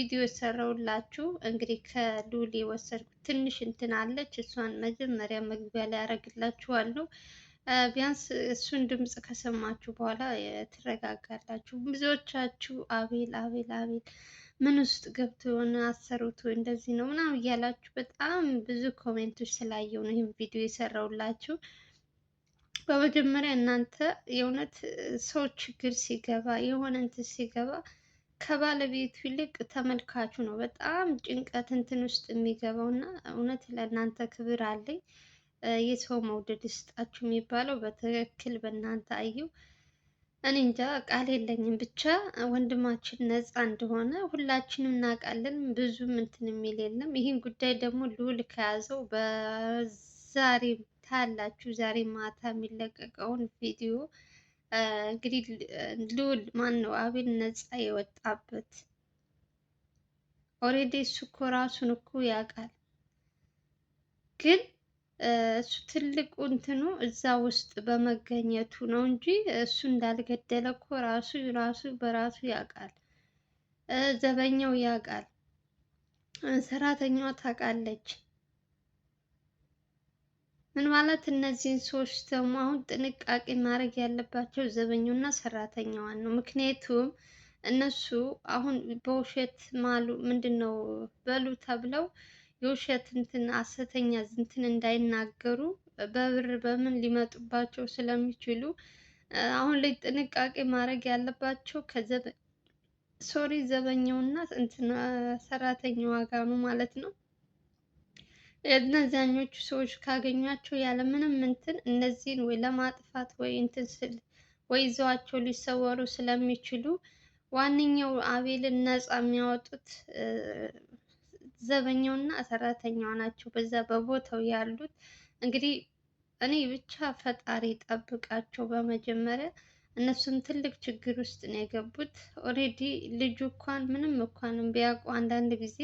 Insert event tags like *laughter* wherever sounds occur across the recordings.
ቪዲዮ የሰራሁላችሁ እንግዲህ ከሉል የወሰድኩት ትንሽ እንትን አለች። እሷን መጀመሪያ መግቢያ ላይ አደርግላችኋለሁ። ቢያንስ እሱን ድምፅ ከሰማችሁ በኋላ ትረጋጋላችሁ። ብዙዎቻችሁ አቤል አቤል አቤል ምን ውስጥ ገብቶ የሆነ አሰሩት እንደዚህ ነው ምናምን እያላችሁ በጣም ብዙ ኮሜንቶች ስላየው ነው ይህን ቪዲዮ የሰራሁላችሁ። በመጀመሪያ እናንተ የእውነት ሰው ችግር ሲገባ የሆነ እንትን ሲገባ ከባለቤቱ ይልቅ ተመልካቹ ነው በጣም ጭንቀት እንትን ውስጥ የሚገባው እና እውነት ለእናንተ ክብር አለኝ። የሰው መውደድ ይስጣችሁ የሚባለው በትክክል በእናንተ አየው። እኔ እንጃ ቃል የለኝም። ብቻ ወንድማችን ነፃ እንደሆነ ሁላችንም እናውቃለን። ብዙም እንትን የሚል የለም። ይህን ጉዳይ ደግሞ ልዑል ከያዘው በዛሬ ታያላችሁ። ዛሬ ማታ የሚለቀቀውን ቪዲዮ እንግዲህ ልዑል ማን ነው አቤል ነፃ የወጣበት ኦሬዲ እሱ እኮ ራሱን እኮ ያውቃል። ግን እሱ ትልቁ እንትኑ እዛ ውስጥ በመገኘቱ ነው እንጂ እሱ እንዳልገደለ እኮ ራሱ ራሱ በራሱ ያውቃል። ዘበኛው ያውቃል፣ ሰራተኛዋ ታውቃለች። ምን ማለት እነዚህን ሰዎች ደግሞ አሁን ጥንቃቄ ማድረግ ያለባቸው እና ሰራተኛዋን ነው። ምክንያቱም እነሱ አሁን በውሸት ማሉ ምንድን ነው በሉ ተብለው የውሸት እንትን አሰተኛ እንትን እንዳይናገሩ በብር በምን ሊመጡባቸው ስለሚችሉ አሁን ላይ ጥንቃቄ ማድረግ ያለባቸው ከዘበ ሶሪ ዘበኛውና እንትን ሰራተኛዋ ጋር ነው ማለት ነው። እነዛኞቹ ሰዎች ካገኟቸው ያለ ምንም እንትን እነዚህን ወይ ለማጥፋት ወይ እንትን ስል ወይ ይዘዋቸው ሊሰወሩ ስለሚችሉ ዋነኛው አቤልን ነፃ የሚያወጡት ዘበኛው እና ናቸው። በዛ በቦታው ያሉት እንግዲህ እኔ ብቻ ፈጣሪ ጠብቃቸው። በመጀመሪያ እነሱም ትልቅ ችግር ውስጥ ነው የገቡት። ኦሬዲ ልጁ እንኳን ምንም እንኳን ቢያውቁ አንዳንድ ጊዜ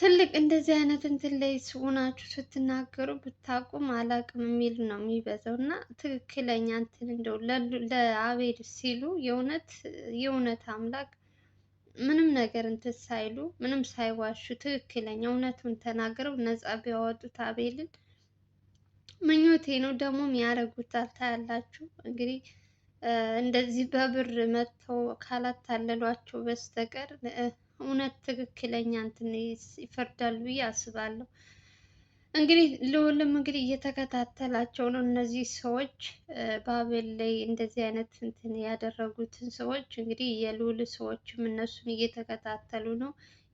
ትልቅ እንደዚህ አይነት እንትን ላይ ሆናችሁ ስትናገሩ ብታቁም አላቅም የሚል ነው የሚበዛው። እና ትክክለኛ እንትን እንደው ለአቤል ሲሉ የእውነት የእውነት አምላክ ምንም ነገር እንትን ሳይሉ ምንም ሳይዋሹ ትክክለኛ እውነቱን ተናግረው ነፃ ቢያወጡት አቤልን ምኞቴ ነው። ደግሞም ያደርጉታል። ታያላችሁ እንግዲህ እንደዚህ በብር መጥተው ካላታለሏቸው በስተቀር እውነት ትክክለኛ እንትን ይፈርዳል ብዬ አስባለሁ። እንግዲህ ልዑልም እንግዲህ እየተከታተላቸው ነው። እነዚህ ሰዎች ባቤል ላይ እንደዚህ አይነት እንትን ያደረጉትን ሰዎች እንግዲህ የልዑል ሰዎችም እነሱን እየተከታተሉ ነው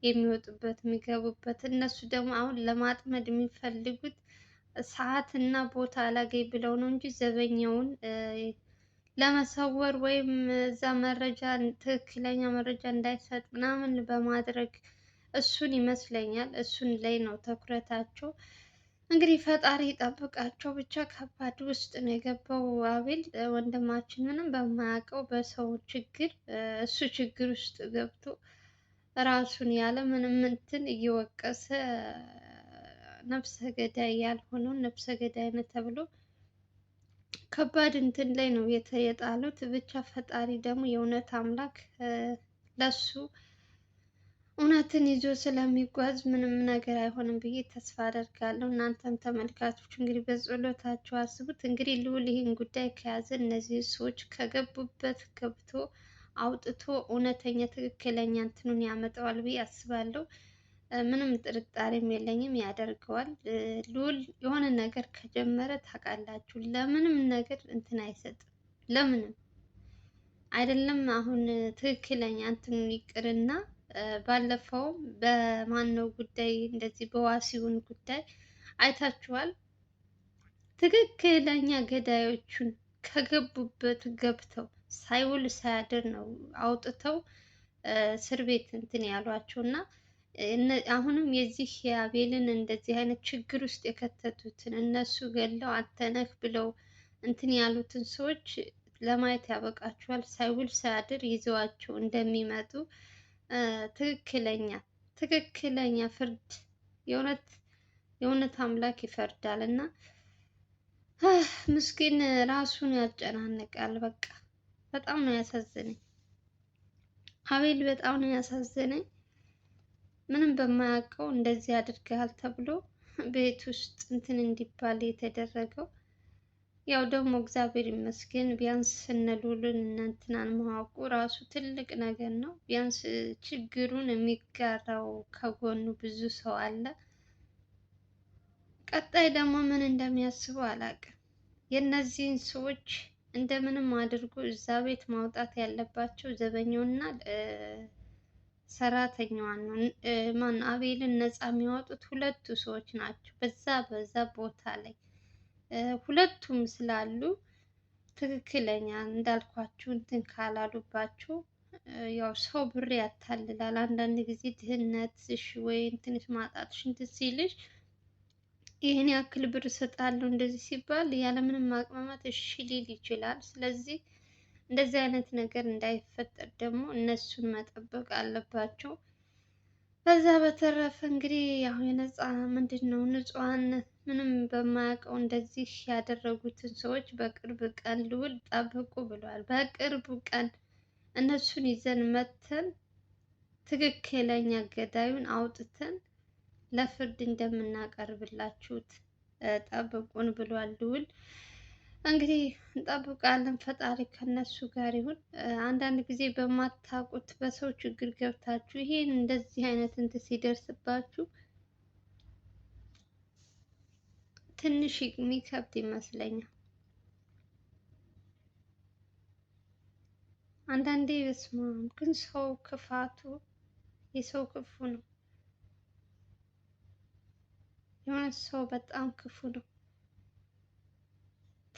የሚወጡበት የሚገቡበት። እነሱ ደግሞ አሁን ለማጥመድ የሚፈልጉት ሰዓት እና ቦታ አላገኝ ብለው ነው እንጂ ዘበኛውን ለመሰወር ወይም እዛ መረጃ ትክክለኛ መረጃ እንዳይሰጥ ምናምን በማድረግ እሱን ይመስለኛል። እሱን ላይ ነው ትኩረታቸው። እንግዲህ ፈጣሪ ይጠብቃቸው። ብቻ ከባድ ውስጥ ነው የገባው አቤል ወንድማችን፣ ምንም በማያውቀው በሰው ችግር እሱ ችግር ውስጥ ገብቶ ራሱን ያለ ምንም እንትን እየወቀሰ ነፍሰ ገዳይ ያልሆነውን ነፍሰ ገዳይ ነው ተብሎ ከባድ እንትን ላይ ነው የጣሉት። ብቻ ፈጣሪ ደግሞ የእውነት አምላክ ለሱ እውነትን ይዞ ስለሚጓዝ ምንም ነገር አይሆንም ብዬ ተስፋ አደርጋለሁ። እናንተም ተመልካቾች እንግዲህ በጸሎታችሁ አስቡት። እንግዲህ ልዑል ይህን ጉዳይ ከያዘ እነዚህ ሰዎች ከገቡበት ገብቶ አውጥቶ እውነተኛ ትክክለኛ እንትኑን ያመጣዋል ብዬ አስባለሁ። ምንም ጥርጣሬም የለኝም ያደርገዋል። ልዑል የሆነ ነገር ከጀመረ ታውቃላችሁ፣ ለምንም ነገር እንትን አይሰጥም። ለምንም አይደለም አሁን ትክክለኛ እንትን ይቅርና ባለፈውም በማነው ጉዳይ እንደዚህ በዋሲውን ጉዳይ አይታችኋል። ትክክለኛ ገዳዮቹን ከገቡበት ገብተው ሳይውል ሳያድር ነው አውጥተው እስር ቤት እንትን ያሏቸው እና አሁንም የዚህ የአቤልን እንደዚህ አይነት ችግር ውስጥ የከተቱትን እነሱ ገለው አተነህ ብለው እንትን ያሉትን ሰዎች ለማየት ያበቃችኋል። ሳይውል ሳያድር ይዘዋቸው እንደሚመጡ ትክክለኛ ትክክለኛ ፍርድ የእውነት የእውነት አምላክ ይፈርዳል እና ምስኪን ራሱን ያጨናንቃል። በቃ በጣም ነው ያሳዘነኝ አቤል፣ በጣም ነው ያሳዘነኝ። ምንም በማያውቀው እንደዚህ አድርገሃል ተብሎ ቤት ውስጥ እንትን እንዲባል የተደረገው። ያው ደግሞ እግዚአብሔር ይመስገን ቢያንስ እነ ልዑልን እንትናን ማወቁ ራሱ ትልቅ ነገር ነው። ቢያንስ ችግሩን የሚጋራው ከጎኑ ብዙ ሰው አለ። ቀጣይ ደግሞ ምን እንደሚያስበው አላውቅም። የእነዚህን ሰዎች እንደምንም አድርጎ እዛ ቤት ማውጣት ያለባቸው ዘበኛውና ሰራተኛዋን ነው ማን አቤልን ነፃ የሚያወጡት ሁለቱ ሰዎች ናቸው። በዛ በዛ ቦታ ላይ ሁለቱም ስላሉ ትክክለኛ እንዳልኳችሁ እንትን ካላሉባችሁ ያው ሰው ብር ያታልላል። አንዳንድ ጊዜ ድህነትሽ ወይ እንትንሽ ማጣትሽ እንትን ሲልሽ ይህን ያክል ብር እሰጣለሁ እንደዚህ ሲባል ያለምንም ማቅማማት እሺ ሊል ይችላል። ስለዚህ እንደዚህ አይነት ነገር እንዳይፈጠር ደግሞ እነሱን መጠበቅ አለባቸው። ከዛ በተረፈ እንግዲህ ያው የነፃ ምንድን ነው ንጹሐን ምንም በማያውቀው እንደዚህ ያደረጉትን ሰዎች በቅርብ ቀን ልውል ጠብቁ ብለዋል። በቅርብ ቀን እነሱን ይዘን መተን ትክክለኛ ገዳዩን አውጥተን ለፍርድ እንደምናቀርብላችሁት ጠብቁን ብሏል ልውል። እንግዲህ እንጠብቃለን። ፈጣሪ ከነሱ ጋር ይሁን። አንዳንድ ጊዜ በማታውቁት በሰው ችግር ገብታችሁ ይሄን እንደዚህ አይነት እንትን ሲደርስባችሁ ትንሽ የሚከብድ ይመስለኛል። አንዳንዴ በስማም ግን ሰው ክፋቱ የሰው ክፉ ነው። የሆነ ሰው በጣም ክፉ ነው።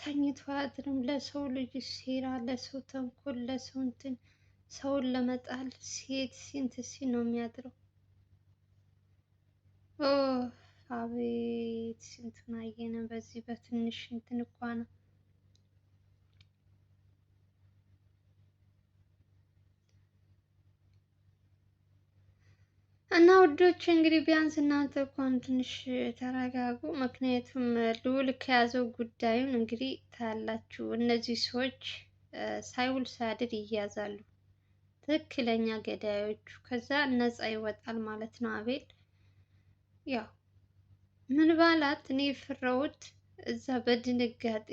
ተኝቶ አያድርም። ለሰው ልጅ ሴራ፣ ለሰው ተንኮል፣ ለሰው እንትን ሰውን ለመጣል ሴት ሲንት ሲ ነው የሚያድረው። አቤት ስንቱን አየነ በዚህ በትንሽ እንትን እኳ ነው። እና ውዶች እንግዲህ ቢያንስ እናንተ እንኳን ትንሽ ተረጋጉ። ምክንያቱም ልዑል ከያዘው ጉዳዩን እንግዲህ ታያላችሁ። እነዚህ ሰዎች ሳይውል ሳያድር ይያዛሉ። ትክክለኛ ገዳዮቹ ከዛ ነፃ ይወጣል ማለት ነው። አቤል ያው ምን ባላት እኔ ፍረውት እዛ በድንጋጤ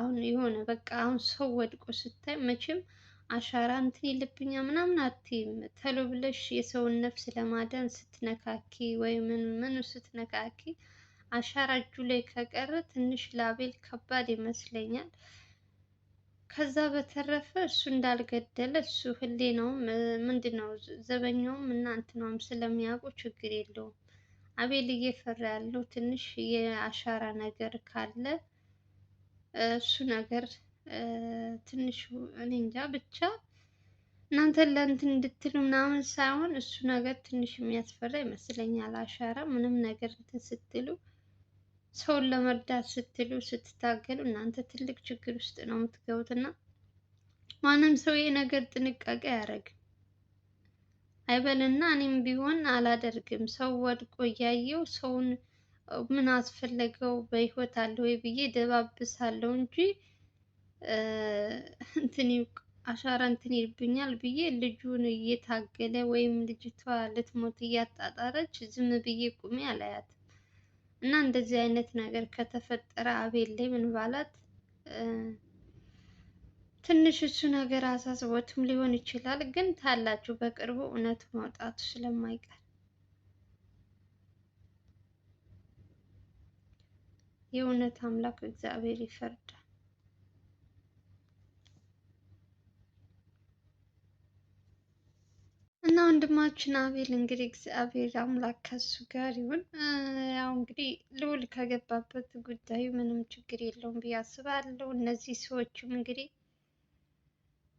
አሁን የሆነ በቃ አሁን ሰው ወድቆ ስታይ መቼም አሻራ እንትን የለብኛ ምናምን አትይም። ተሎ ብለሽ የሰውን ነፍስ ለማዳን ስትነካኪ ወይ ምን ምን ስትነካኪ አሻራ እጁ ላይ ከቀረ ትንሽ ላቤል ከባድ ይመስለኛል። ከዛ በተረፈ እሱ እንዳልገደለ እሱ ነው ምንድን ነው ዘበኛውም እናንት ነውም ስለሚያውቁ ችግር የለውም። አቤል እየፈራ ያለው ትንሽ የአሻራ ነገር ካለ እሱ ነገር ትንሹ እኔ እንጃ ብቻ እናንተ ለእንትን እንድትሉ ምናምን ሳይሆን እሱ ነገር ትንሽ የሚያስፈራ ይመስለኛል። አሻራ ምንም ነገር እንትን ስትሉ ሰውን ለመርዳት ስትሉ ስትታገሉ እናንተ ትልቅ ችግር ውስጥ ነው የምትገቡት እና ማንም ሰው ይሄ ነገር ጥንቃቄ አያደርግም አይበልና እኔም ቢሆን አላደርግም። ሰው ወድቆ እያየው ሰውን ምን አስፈለገው በህይወት አለ ወይ ብዬ ደባብሳለሁ እንጂ እንትን አሻራ እንትን ይልብኛል ብዬ ልጁን እየታገለ ወይም ልጅቷ ልትሞት እያጣጣረች ዝም ብዬ ቁሜ አላያት እና እንደዚህ አይነት ነገር ከተፈጠረ አቤል ላይ ምን ባላት ትንሽ እሱ ነገር አሳስቦትም ሊሆን ይችላል። ግን ታላችሁ በቅርቡ እውነቱ መውጣቱ ስለማይቀር የእውነት አምላክ እግዚአብሔር ይፈርዳል። እና ወንድማችን አቤል እንግዲህ እግዚአብሔር አምላክ ከሱ ጋር ይሁን። ያው እንግዲህ ልዑል ከገባበት ጉዳዩ ምንም ችግር የለውም ብዬ አስባለሁ። እነዚህ ሰዎችም እንግዲህ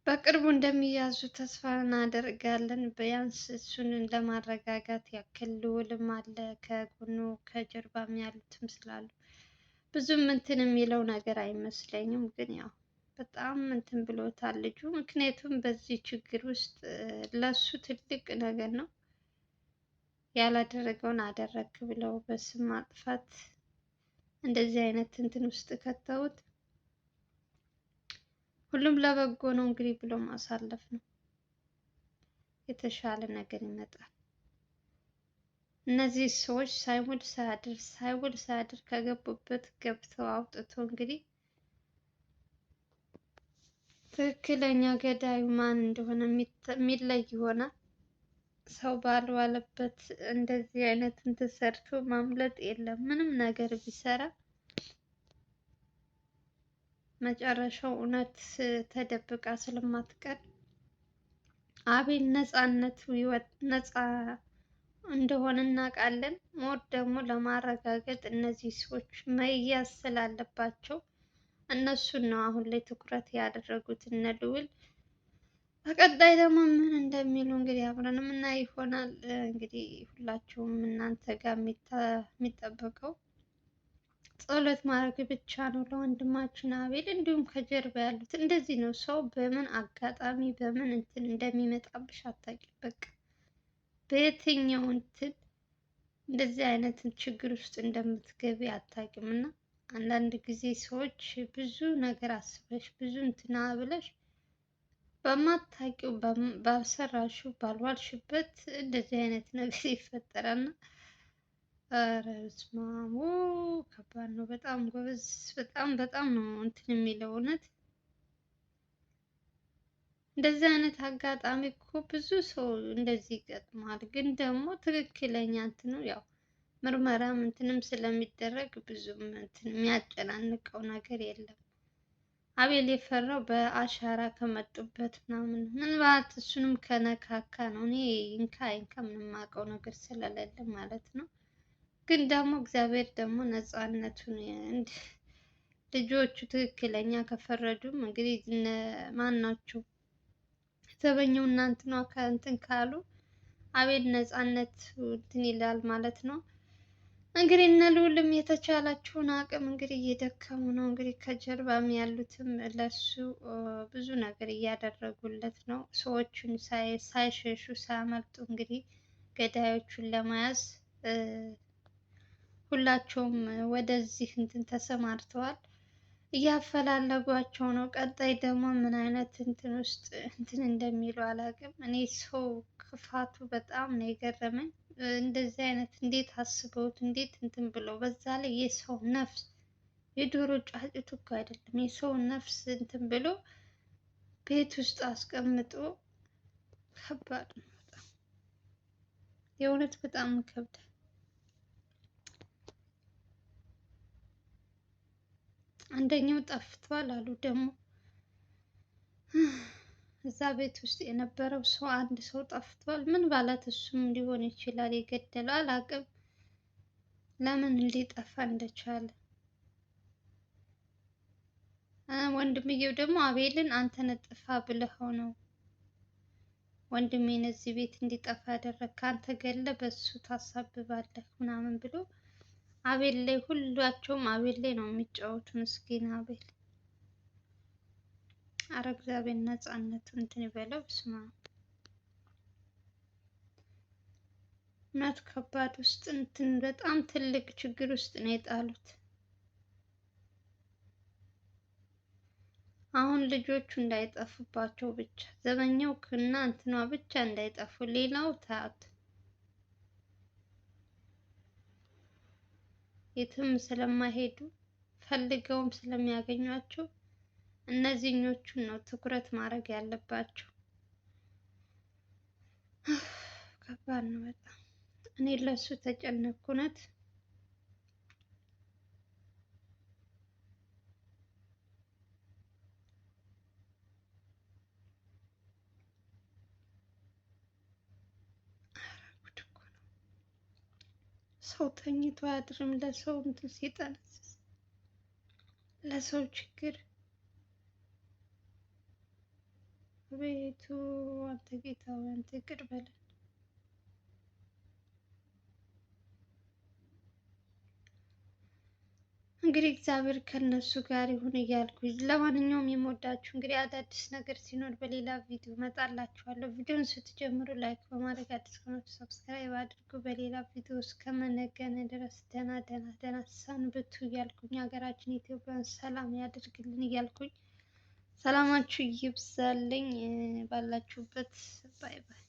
በቅርቡ እንደሚያዙ ተስፋ እናደርጋለን። ቢያንስ እሱን ለማረጋጋት ያክል ልዑልም አለ ከጎኑ ከጀርባም ያሉትም ስላሉ ብዙም እንትን የሚለው ነገር አይመስለኝም ግን ያው በጣም እንትን ብሎታል ልጁ። ምክንያቱም በዚህ ችግር ውስጥ ለሱ ትልቅ ነገር ነው። ያላደረገውን አደረግ ብለው በስም ማጥፋት እንደዚህ አይነት እንትን ውስጥ ከተውት ሁሉም ለበጎ ነው እንግዲህ ብሎ ማሳለፍ ነው። የተሻለ ነገር ይመጣል። እነዚህ ሰዎች ሳይውል ሳያድር ሳይውል ሳያድር ከገቡበት ገብተው አውጥቶ እንግዲህ ትክክለኛ ገዳዩ ማን እንደሆነ የሚለይ ይሆናል። ሰው ባልዋለበት እንደዚህ አይነት እንትን ሰርቶ ማምለጥ የለም። ምንም ነገር ቢሰራ መጨረሻው እውነት ተደብቃ ስለማትቀር አቤል ነፃነቱ ነፃ እንደሆነ እናውቃለን። ሞት ደግሞ ለማረጋገጥ እነዚህ ሰዎች መያዝ ስላለባቸው እነሱን ነው አሁን ላይ ትኩረት ያደረጉት እነ ልዑል። በቀጣይ ደግሞ ምን እንደሚሉ እንግዲህ አብረን የምናይ ይሆናል። እንግዲህ ሁላችሁም እናንተ ጋር የሚጠበቀው ጸሎት ማድረግ ብቻ ነው ለወንድማችን አቤል። እንዲሁም ከጀርባ ያሉት እንደዚህ ነው። ሰው በምን አጋጣሚ በምን እንትን እንደሚመጣብሽ አታውቂም። በቃ በየትኛው እንትን እንደዚህ አይነት ችግር ውስጥ እንደምትገቢ አታውቂም እና አንዳንድ ጊዜ ሰዎች ብዙ ነገር አስበሽ ብዙ እንትና ብለሽ በማታውቂው ባሰራሹ ባልዋልሽበት እንደዚህ አይነት ነገር *laughs* ይፈጠራል። ኧረ በስመ አብ ከባድ ነው በጣም ጎበዝ፣ በጣም በጣም ነው እንትን የሚለው እውነት። እንደዚህ አይነት አጋጣሚ እኮ ብዙ ሰው እንደዚህ ይገጥማል። ግን ደግሞ ትክክለኛ እንትኑ ያው ምርመራ እንትንም ስለሚደረግ ብዙም እንትን የሚያጨናንቀው ነገር የለም። አቤል የፈራው በአሻራ ከመጡበት ምናምን ምናልባት እሱንም ከነካካ ነው። እኔ ይንካ ይንካ የምንማቀው ነገር ስለሌለ ማለት ነው። ግን ደግሞ እግዚአብሔር ደግሞ ነፃነቱን ልጆቹ ትክክለኛ ከፈረዱም እንግዲህ ማን ናቸው ዘበኛው እናንት ነው ከእንትን ካሉ አቤል ነፃነት እንትን ይላል ማለት ነው። እንግዲህ እነ ልዑልም የተቻላችሁን አቅም እንግዲህ እየደከሙ ነው። እንግዲህ ከጀርባም ያሉትም ለሱ ብዙ ነገር እያደረጉለት ነው። ሰዎቹን ሳይሸሹ ሳያመልጡ እንግዲህ ገዳዮቹን ለመያዝ ሁላቸውም ወደዚህ እንትን ተሰማርተዋል። እያፈላለጓቸው ነው። ቀጣይ ደግሞ ምን አይነት እንትን ውስጥ እንትን እንደሚሉ አላውቅም። እኔ ሰው ክፋቱ በጣም ነው የገረመኝ። እንደዚህ አይነት እንዴት አስበውት እንዴት እንትን ብለው በዛ ላይ የሰው ነፍስ የዶሮ ጫጩት እኮ አይደለም የሰው ነፍስ እንትን ብሎ ቤት ውስጥ አስቀምጦ ከባድ ነው በጣም የእውነት በጣም ይከብዳል። አንደኛው ጠፍቷል አሉ ደግሞ እዛ ቤት ውስጥ የነበረው ሰው አንድ ሰው ጠፍቷል። ምን ባላት እሱም ሊሆን ይችላል የገደለው አላቅም። ለምን ሊጠፋ እንደቻለ ወንድምየው ደግሞ አቤልን አንተ ነጥፋ ብለኸው ነው ወንድሜን እዚህ ቤት እንዲጠፋ ያደረግ ከአንተ ገለ በሱ ታሳብባለህ ምናምን ብሎ አቤል ላይ ሁላቸውም አቤል ላይ ነው የሚጫወቱ። ምስኪን አቤል አረ እግዚአብሔር ነፃነት እንትን ይበለው። ስማ እውነት ከባድ ውስጥ እንትን በጣም ትልቅ ችግር ውስጥ ነው የጣሉት። አሁን ልጆቹ እንዳይጠፉባቸው ብቻ ዘበኛው እና እንትኗ ብቻ እንዳይጠፉ፣ ሌላው ታያት የትም ስለማይሄዱ ፈልገውም ስለሚያገኟቸው እነዚህኞቹን ነው ትኩረት ማድረግ ያለባቸው። ከባድ ነው በጣም። እኔ ለሱ ተጨነኩ እውነት። ሰው ተኝቶ አያድርም። ለሰው እንትን ሲጠነስስ ለሰው ችግር ቤቱ አንተ ጌታ ሆይ አንተ ይቅር በለን። እንግዲህ እግዚአብሔር ከእነሱ ጋር ይሁን እያልኩኝ ለማንኛውም የምወዳችሁ እንግዲህ አዳዲስ ነገር ሲኖር በሌላ ቪዲዮ እመጣላችኋለሁ። ቪዲዮን ስትጀምሩ ላይክ በማድረግ አዲስ ከሆናችሁ ሰብስክራይብ አድርጉ። በሌላ ቪዲዮ እስከመነገን ድረስ ደህና ደህና ደህና ሰንብቱ እያልኩኝ ሀገራችን ኢትዮጵያን ሰላም ያደርግልን እያልኩኝ ሰላማችሁ ይብዛልኝ ባላችሁበት። ባይ ባይ።